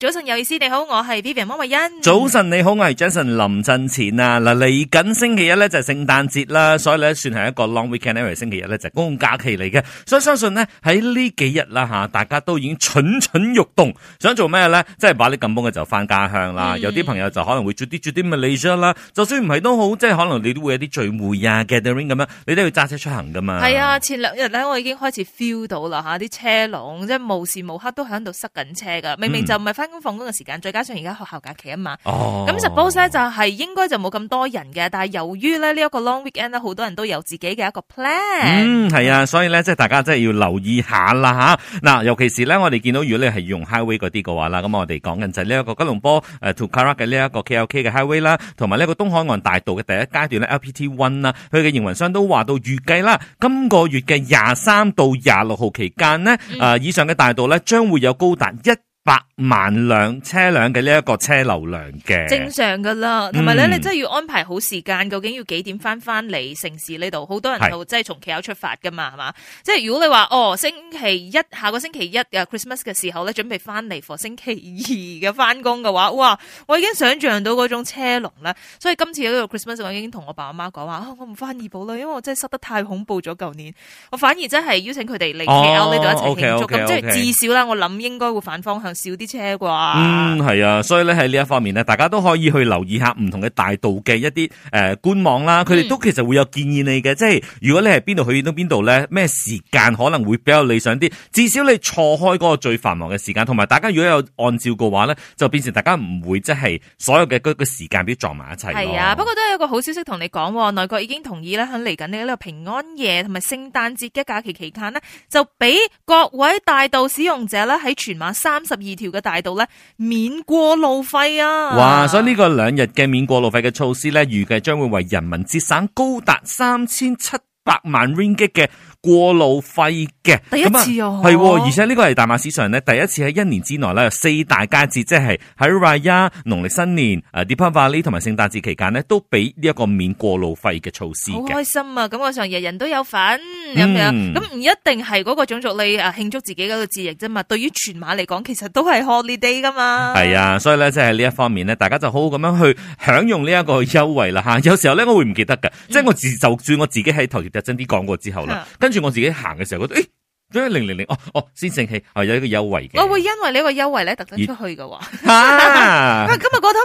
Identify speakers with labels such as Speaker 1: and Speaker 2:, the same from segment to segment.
Speaker 1: 早晨，有意思，你好，我係 Vivian 汪慧欣。
Speaker 2: 早晨，你好，我係 Jason 林振前啊！嗱，嚟緊星期一咧就係聖誕節啦，所以咧算係一個 Long Weekend era, 星期一咧就係公共假期嚟嘅，所以相信呢喺呢幾日啦吓，大家都已經蠢蠢欲動，想做咩咧？即係把啲咁工嘅就翻家鄉啦。嗯、有啲朋友就可能會住啲住啲 Malaysia 啦。就算唔係都好，即係可能你都會有啲聚會啊，gathering 咁樣，你都要揸車出行噶嘛。係
Speaker 1: 啊，前兩日咧我已經開始 feel 到啦吓，啲、啊、車龍即係無時無刻都響度塞緊車噶，明明就唔係翻。放工嘅時間，再加上而家學校假期啊嘛，咁 suppose 咧就係應該就冇咁多人嘅。但係由於咧呢一個 long weekend 咧，好多人都有自己嘅一個 plan。嗯，
Speaker 2: 係啊，所以咧即係大家真係要留意一下啦吓。嗱，尤其是咧我哋見到如果你係用 highway 嗰啲嘅話啦，咁我哋講緊就係呢一個吉隆坡誒 to Karak 嘅呢一個 K L K 嘅 highway 啦，同埋呢個東海岸大道嘅第一階段咧 L P T one 啦，佢嘅營運商都話到預計啦，今個月嘅廿三到廿六號期間呢，誒、呃、以上嘅大道咧將會有高達一。百萬輛車輛嘅呢一個車流量嘅、嗯、正
Speaker 1: 常噶啦，同埋咧你真係要安排好時間，究竟要幾點翻翻嚟城市呢度？好多人就即係從 KL 出發噶嘛，係嘛的？即係如果你話哦，星期一下個星期一嘅 Christmas 嘅時候咧，準備翻嚟，或星期二嘅翻工嘅話，哇！我已經想象到嗰種車龍啦。所以今次嗰個 Christmas 我已經同我爸我媽講話，我唔翻怡保啦，因為我真係塞得太恐怖咗。舊年我反而真係邀請佢哋嚟 KL 呢度一齊慶祝，咁即係至少啦，我諗應該會反方向。少啲車啩，
Speaker 2: 嗯，係啊，所以咧喺呢一方面呢，大家都可以去留意一下唔同嘅大道嘅一啲誒官網啦。佢哋都其實會有建議你嘅，即係如果你喺邊度去到邊度咧，咩時間可能會比較理想啲？至少你錯開嗰個最繁忙嘅時間，同埋大家如果有按照嘅話咧，就變成大家唔會即係所有嘅嗰個時間都撞埋一齊。係啊，
Speaker 1: 不過都有一個好消息同你講，內閣已經同意咧喺嚟緊嘅呢個平安夜同埋聖誕節嘅假期期間呢，就俾各位大道使用者咧喺全晚三十二。二條嘅大道咧免過路費啊！哇，
Speaker 2: 所以呢個兩日嘅免過路費嘅措施咧，預計將會為人民節省高達三千七百萬 Ringgit 嘅過路費嘅。第一次啊，係、哦，而且呢個係大馬史上咧第一次喺一年之內咧四大佳節，即係喺 Raya 農曆新年、誒 Deepavali 同埋聖誕節期間呢，都俾呢一個免過路費嘅措施的。好開
Speaker 1: 心啊！咁我上日人都有份。咁樣，咁唔、嗯嗯、一定係嗰個種族你啊慶祝自己嗰個節日啫嘛。對於全馬嚟講，其實都係 holiday 噶嘛。
Speaker 2: 係啊，所以咧，即係呢一方面咧，大家就好好咁樣去享用呢一個優惠啦吓。有時候咧，我會唔記得噶，嗯、即係我自，就算我自己喺頭條睇真 D 講過之後啦，的跟住我自己行嘅時候，覺得誒、欸，零零零，哦哦，先正氣，係、哦、有一個優惠
Speaker 1: 嘅。我會因為呢個優惠咧，特登出去噶。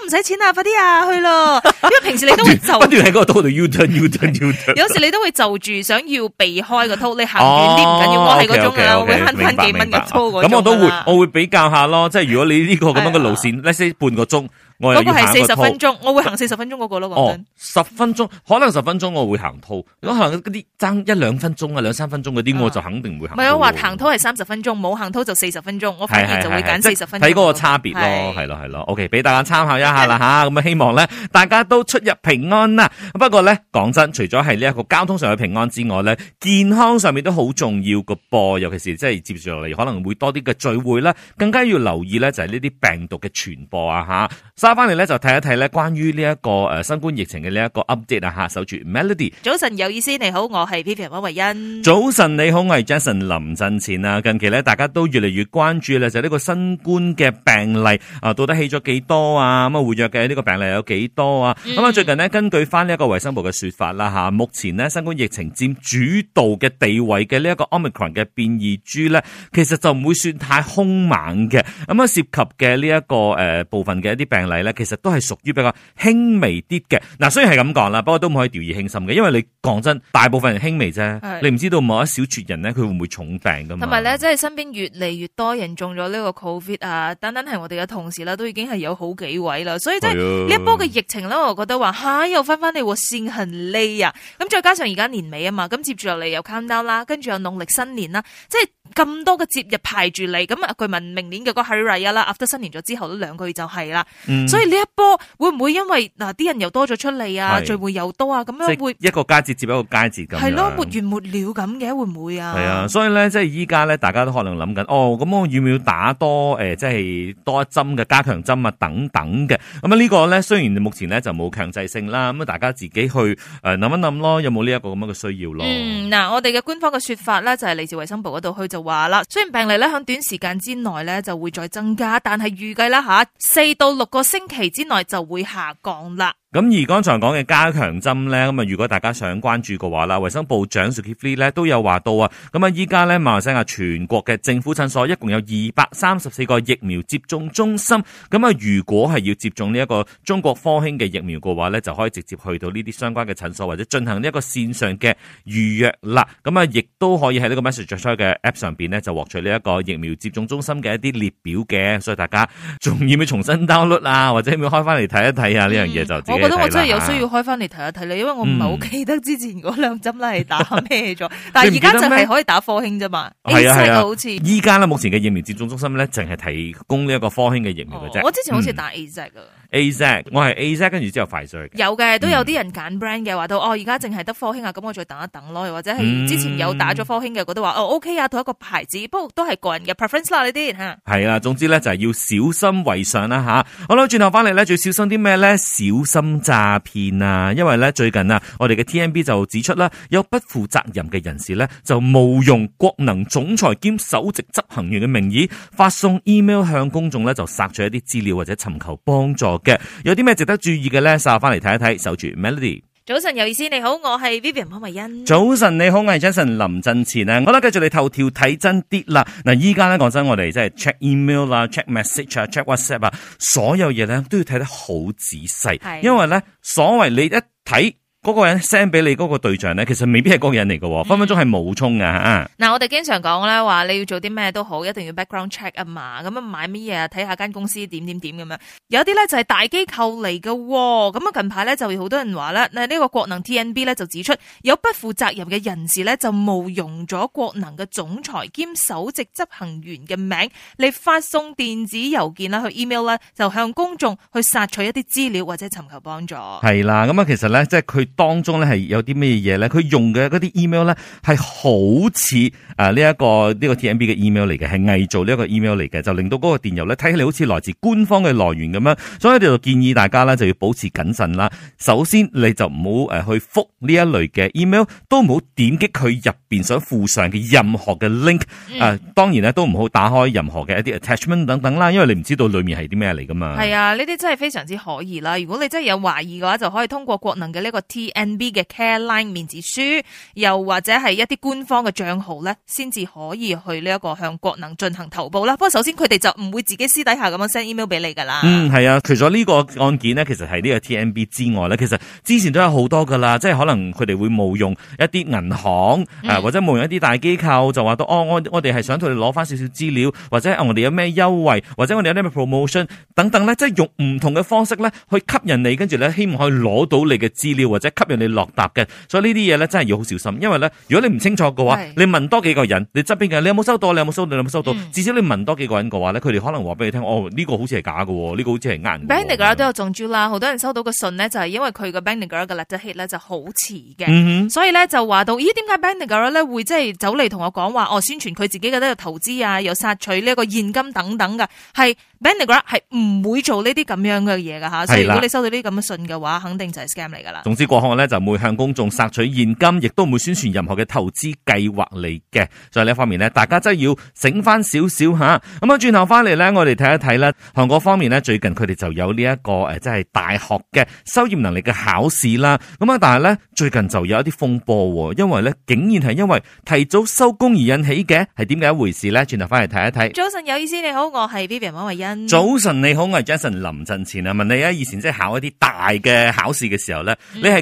Speaker 1: 唔使錢啊！快啲啊，去咯！因為平時你
Speaker 2: 都會就喺 個套度，有陣有陣有陣，turn, turn, turn, 有時
Speaker 1: 你都會就住想要避開個套，哦、你行遠啲唔緊要，我係個鐘噶啦，okay, okay, okay, 我會慳返幾蚊嘅套。咁、啊、我都會，我
Speaker 2: 會比較下咯，即係如果你呢個咁樣嘅路線、哎、呦，less 半個鐘。嗰個係四十分
Speaker 1: 鐘，我會行四十分鐘嗰、那個咯、哦。講真，
Speaker 2: 十分鐘可能十分鐘我會行套，如果行嗰啲爭一兩分鐘啊、兩三分鐘嗰啲，我就肯定唔會行套。唔係啊，話行
Speaker 1: 套係三十分鐘，冇行套就四十分鐘，我反而就會揀四十分鐘。睇嗰、就是、個差
Speaker 2: 別咯，係咯是，係咯。OK，俾大家參考一下啦吓，咁啊的，希望咧大家都出入平安啦。不過咧，講真，除咗係呢一個交通上嘅平安之外咧，健康上面都好重要嘅噃。尤其是即係接住落嚟可能會多啲嘅聚會啦，更加要留意咧，就係呢啲病毒嘅傳播啊吓。翻嚟咧就睇一睇咧關於呢一個誒新冠疫情嘅呢一個 update 啊吓，守住 Melody。
Speaker 1: 早晨有意思，你好，我係 P P Y 溫慧欣。
Speaker 2: 早晨你好，我係 Jason 林振前啊。近期咧大家都越嚟越關注咧就呢個新冠嘅病例啊，到底起咗幾多啊？咁啊活躍嘅呢個病例有幾多啊？咁啊、嗯、最近呢，根據翻呢一個衛生部嘅說法啦吓，目前呢，新冠疫情佔主導嘅地位嘅呢一個 omicron 嘅變異株咧，其實就唔會算太凶猛嘅。咁啊涉及嘅呢一個誒部分嘅一啲病例。其實都係屬於比較輕微啲嘅，嗱，雖然係咁講啦，不過都唔可以掉以輕心嘅，因為你講真，大部分人輕微啫，是你唔知道某一小撮人呢，佢會唔會重病噶，同埋咧，
Speaker 1: 即係身邊越嚟越多人中咗呢個 Covid 啊，單單係我哋嘅同事咧，都已經係有好幾位啦。所以即係一的波嘅疫情咧，我覺得話吓又翻翻你善行利啊！咁、啊、再加上而家年尾啊嘛，咁接住落嚟又 countdown 啦，跟住又農曆新年啦，即係咁多嘅節日排住嚟，咁啊據聞明年嘅嗰個 Hari Raya 啦，after 新年咗之後都兩個月就係啦。嗯所以呢一波會唔會因為嗱啲人又多咗出嚟啊，是聚會又多啊，咁樣會
Speaker 2: 一個佳節接一個佳節咁，係咯，沒
Speaker 1: 完沒了咁嘅，會唔會啊？係啊，
Speaker 2: 所以咧，即係依家咧，大家都可能諗緊，哦，咁我要唔要打多即係、呃、多一針嘅加強針啊，等等嘅。咁啊，呢個咧雖然目前咧就冇強制性啦，咁啊，大家自己去誒諗一諗咯，有冇呢一個咁樣嘅需要咯？嗯，
Speaker 1: 嗱、呃，我哋嘅官方嘅說法咧，就係嚟自衞生部嗰度去就話啦，雖然病例咧喺短時間之內咧就會再增加，但係預計啦嚇四到六個。星期之內就會下降啦。
Speaker 2: 咁而剛才講嘅加強針咧，咁啊，如果大家想關注嘅話啦，衞生部長 Sukhdev 咧都有話到啊。咁啊，依家咧馬來西亞全國嘅政府診所一共有二百三十四個疫苗接種中心。咁啊，如果係要接種呢一個中國科興嘅疫苗嘅話咧，就可以直接去到呢啲相關嘅診所或者進行呢一個線上嘅預約啦。咁啊，亦都可以喺呢個 Message Centre 嘅 App 上面咧就獲取呢一個疫苗接種中心嘅一啲列表嘅。所以大家仲要唔要重新 download 啊？或者要唔要開翻嚟睇一睇下呢樣嘢就自己。我覺得我真係有需要
Speaker 1: 開翻嚟睇一睇咧，啊、因為我唔係好記得之前嗰兩針咧係打咩咗， 但係而家就係可以打科興啫嘛。A Z 好似，依家
Speaker 2: 咧目前嘅疫苗接種中心咧，淨係提供呢一個科興嘅疫苗嘅啫、哦。我之前好似
Speaker 1: 打 A Z、嗯、啊。
Speaker 2: A z 我係 A z 跟住之後快追。
Speaker 1: 有嘅，都有啲人揀 brand 嘅話，嗯、到哦，而家淨係得科興啊，咁我再等一等咯。又或者係之前有打咗科興嘅嗰啲話，嗯、哦 OK 啊，同一個牌子，不過都係個人嘅 preference 啦，呢啲吓。
Speaker 2: 係、嗯、啊，總之咧就係要小心為上啦吓。好啦，轉頭翻嚟咧，要小心啲咩咧？小心詐騙啊！因為咧最近啊，我哋嘅 T N B 就指出啦，有不負責任嘅人士咧，就冒用國能總裁兼首席執行員嘅名義，發送 email 向公眾咧就索取一啲資料或者尋求幫助。嘅有啲咩值得注意嘅咧？晒翻嚟睇一睇，守住 Melody。
Speaker 1: 早晨，有意思，你好，我係 Vivian 潘慧欣。
Speaker 2: 早晨你好，我係 Jason 林振前啊！我覺得繼續你頭條睇真啲啦。嗱，依家咧講真，我哋即係 check email 啦，check message 啊，check WhatsApp 啊，所有嘢咧都要睇得好仔細，的因為咧，所謂你一睇。嗰個人 send 俾你嗰個對象咧，其實未必係嗰個人嚟嘅，分分鐘係冒充㗎。
Speaker 1: 嗱，我哋經常講咧話，你要做啲咩都好，一定要 background check 啊嘛。咁啊，買咩嘢啊，睇下間公司點點點咁樣。有啲咧就係大機構嚟嘅。咁啊，近排咧就好多人話啦。嗱、這、呢個國能 T N B 咧就指出，有不負責任嘅人士咧就冒用咗國能嘅總裁兼首席執行員嘅名嚟發送電子郵件啦，去 email 啦，就向公眾去索取一啲資料或者尋求幫助。
Speaker 2: 係啦，咁啊，其實咧即係佢。當中咧係有啲咩嘢咧？佢用嘅嗰啲 email 咧，係好似啊呢一個呢個 TNB 嘅 email 嚟嘅，係偽造呢一個 email 嚟嘅，就令到嗰個電郵咧睇起嚟好似來自官方嘅來源咁樣。所以我哋就建議大家咧就要保持謹慎啦。首先你就唔好誒去覆呢一類嘅 email，都唔好點擊佢入邊想附上嘅任何嘅 link。誒、
Speaker 1: 嗯啊，
Speaker 2: 當然咧都唔好打開任何嘅一啲 attachment 等等啦，因為你唔知道裏面係啲咩嚟噶嘛。係啊，
Speaker 1: 呢啲真係非常之可疑啦。如果你真係有懷疑嘅話，就可以通過國能嘅呢個、T T.N.B 嘅 careline 面子書，又或者係一啲官方嘅賬號咧，先至可以去呢一個向國能進行投報啦。不過首先佢哋就唔會自己私底下咁樣 send email 俾你
Speaker 2: 噶啦。嗯，係啊，除咗呢個案件咧，其實係呢個 T.N.B 之外咧，其實之前都有好多噶啦，即係可能佢哋會冒用一啲銀行、嗯、或者冒用一啲大機構，就話到哦，我我哋係想同你攞翻少少資料，或者我哋有咩優惠，或者我哋有啲咩 promotion 等等咧，即係用唔同嘅方式咧去吸引你，跟住咧希望可以攞到你嘅資料或者。吸引你落答嘅，所以呢啲嘢咧真係要好小心，因為咧如果你唔清楚嘅話，是你問多幾個人，你側邊嘅你有冇收到？你有冇收到？你有冇收到？嗯、至少你問多幾個人嘅話咧，佢哋可能話俾你聽哦，呢、這個好似係假嘅，呢、這個好似係呃。Bank
Speaker 1: Negara 都有中招啦，好多人收到嘅信、嗯、哼到呢，就係因為佢個 Bank Negara 嘅 letterhead 咧就好遲嘅，所以咧就話到咦，點解 Bank Negara 咧會即係走嚟同我講話哦？宣傳佢自己嘅呢個投資啊，又索取呢、這個現金等等嘅，係 Bank Negara 係唔會做呢啲咁樣嘅嘢嘅吓，的所以如果你收到呢啲咁嘅信嘅話，肯定就係 scam 嚟噶啦。
Speaker 2: 總之過。我咧，就唔會向公眾索取現金，亦都唔會宣傳任何嘅投資計劃嚟嘅。所以呢一方面呢，大家真係要醒翻少少吓。咁啊，轉頭翻嚟呢，我哋睇一睇呢韓國方面呢，最近佢哋就有呢一個誒，即係大學嘅修業能力嘅考試啦。咁啊，但係呢，最近就有一啲風波，因為呢，竟然係因為提早收工而引起嘅，係點解一回事呢？轉頭翻嚟睇一睇。
Speaker 1: 早晨有意思，你好，我係 Vivian 馬慧欣。
Speaker 2: 早晨你好，我係 Jason 林振前啊。問你啊，以前即係考一啲大嘅考試嘅時候呢。嗯、你係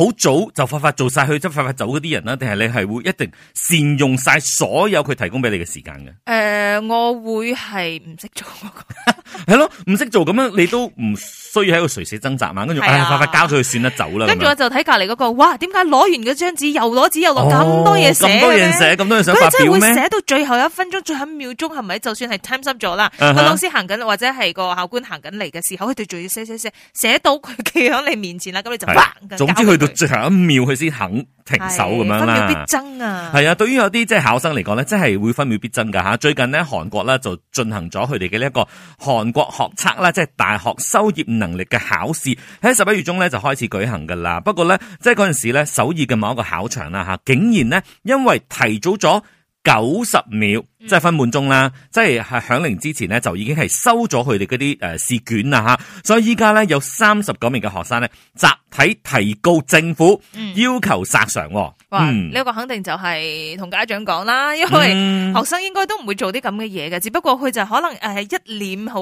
Speaker 2: 好早就快快做晒去，即係快快走嗰啲人啦，定係你係會一定善用晒所有佢提供俾你嘅時間嘅？
Speaker 1: 誒、呃，我會係唔識做，
Speaker 2: 係咯，唔識做咁樣，你都唔需要喺度垂死掙扎嘛。跟住，哎呀，快快交咗佢算得走啦。跟住我
Speaker 1: 就睇隔籬嗰個，哇，點解攞完嗰張紙又攞紙又落咁多嘢寫，咁、哦、多嘢寫，咁多嘢想發表咩？佢真係會寫到最後一分鐘、最後一秒鐘，係咪就算係 time up 咗啦？個、uh huh. 老師行緊，或者係個考官行緊嚟嘅時候，佢哋仲要寫寫寫，寫到佢企喺你面前啦，咁你就煩噶。總之去
Speaker 2: 到。最後一秒佢先肯停手咁樣啦，分秒必爭啊！係啊，對於有啲即係考生嚟講咧，真係會分秒必爭噶吓。最近咧，韓國咧就進行咗佢哋嘅呢一個韓國學測啦，即係大學修業能力嘅考試，喺十一月中咧就開始舉行噶啦。不過咧，即係嗰陣時咧，首爾嘅某一個考場啦吓，竟然呢因為提早咗九十秒。即係分半鐘啦，即係響鈴之前呢，就已經係收咗佢哋嗰啲誒試卷啦吓，所以依家咧有三十九名嘅學生呢，集體提告政府，要求索償。嗯嗯、哇！
Speaker 1: 呢、這個肯定就係同家長講啦，因為學生應該都唔會做啲咁嘅嘢嘅，嗯、只不過佢就可能誒一臉好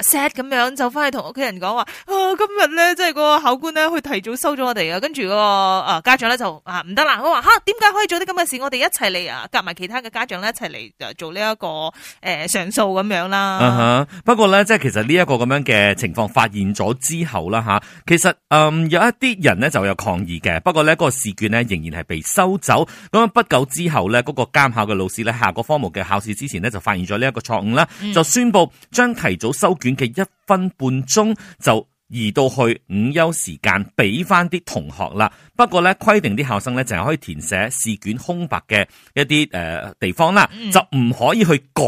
Speaker 1: sad 咁樣，就翻去同屋企人講話啊，今日呢，即係個考官呢，佢提早收咗我哋啊。」跟住個誒家長咧就啊唔得啦，我話吓點解可以做啲咁嘅事？我哋一齊嚟啊，夾埋其他嘅家長咧一齊嚟做呢、這、一個誒、呃、上訴咁樣啦，uh、
Speaker 2: huh，不過呢，即係其實呢一個咁樣嘅情況發現咗之後啦吓，其實誒、呃、有一啲人呢就有抗議嘅，不過呢嗰個試卷呢仍然係被收走。咁不久之後呢，嗰、那個監考嘅老師呢，下個科目嘅考試之前呢，就發現咗呢一個錯誤啦，嗯、就宣佈將提早收卷嘅一分半鐘就。移到去午休時間，俾翻啲同學啦。不過咧，規定啲考生咧淨係可以填寫試卷空白嘅一啲誒、呃、地方啦，就唔可以去改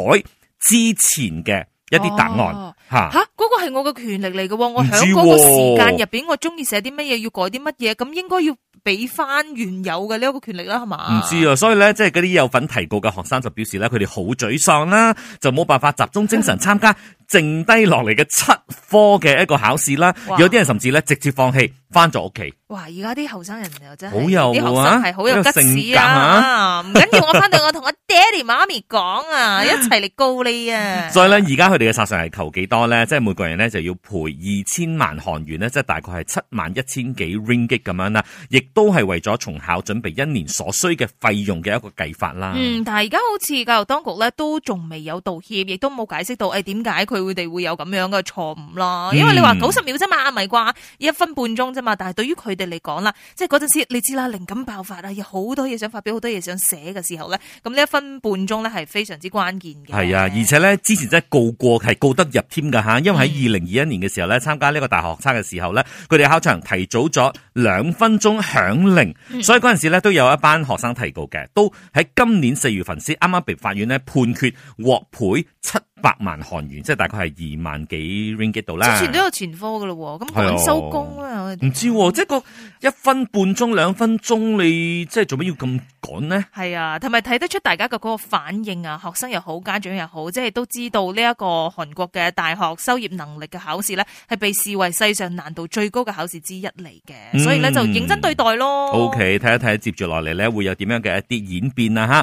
Speaker 2: 之前嘅一啲答案吓。吓，
Speaker 1: 嗰個係我嘅權力嚟嘅，我響嗰個時間入邊，我中意寫啲乜嘢，要改啲乜嘢，咁應該要俾翻原有嘅呢一個權力啦，係嘛？唔知
Speaker 2: 啊，知所以咧，即係嗰啲有份提告嘅學生就表示咧，佢哋好沮喪啦，就冇辦法集中精神參加。嗯剩低落嚟嘅七科嘅一個考試啦，哇有啲人甚至咧直接放棄，翻咗屋企。
Speaker 1: 哇！而家啲後生人又真係啲、啊、學生係好有、啊、有性格啊。唔緊、啊、
Speaker 2: 要，我翻到
Speaker 1: 我同我爹哋媽咪講啊， 一齊嚟告你啊！所
Speaker 2: 以咧，而家佢哋嘅殺上係求幾多咧？即係每個人咧就要賠二千萬韓元咧，即係大概係七萬一千幾 ringgit 咁樣啦，亦都係為咗重考準備一年所需嘅費用嘅一個計法啦。嗯，
Speaker 1: 但係而家好似教育當局咧都仲未有道歉，亦都冇解釋到誒點解佢。哎為什麼他佢哋會有咁樣嘅錯誤啦，因為你話九十秒啫嘛，咪啩一分半鐘啫嘛，但係對於佢哋嚟講啦，即係嗰陣時你知啦，靈感爆發啦，有好多嘢想發表，好多嘢想寫嘅時候咧，咁呢一分半鐘咧係非常之關鍵
Speaker 2: 嘅。係啊，而且咧之前真係告過，係、嗯、告得入添㗎吓，因為喺二零二一年嘅時候咧，參、嗯、加呢個大學測嘅時候呢，佢哋考場提早咗兩分鐘響鈴，嗯、所以嗰陣時呢，都有一班學生提告嘅，都喺今年四月份先啱啱被法院呢判決獲賠七。百萬韓元，即係大概係二萬幾 ringgit 度啦。之前都有
Speaker 1: 前科噶咯，咁趕收工啊，唔
Speaker 2: 知即係個一分半鐘、兩分鐘，你即係做乜要咁趕呢？
Speaker 1: 係啊，同埋睇得出大家嘅嗰個反應啊，學生又好，家長又好，即係都知道呢一個韓國嘅大學收業能力嘅考試咧，係被視為世上難度最高嘅考試之一嚟嘅，所以咧就認真對待咯。嗯、OK，
Speaker 2: 睇一睇接住落嚟咧，會有點樣嘅一啲演變啊！吓。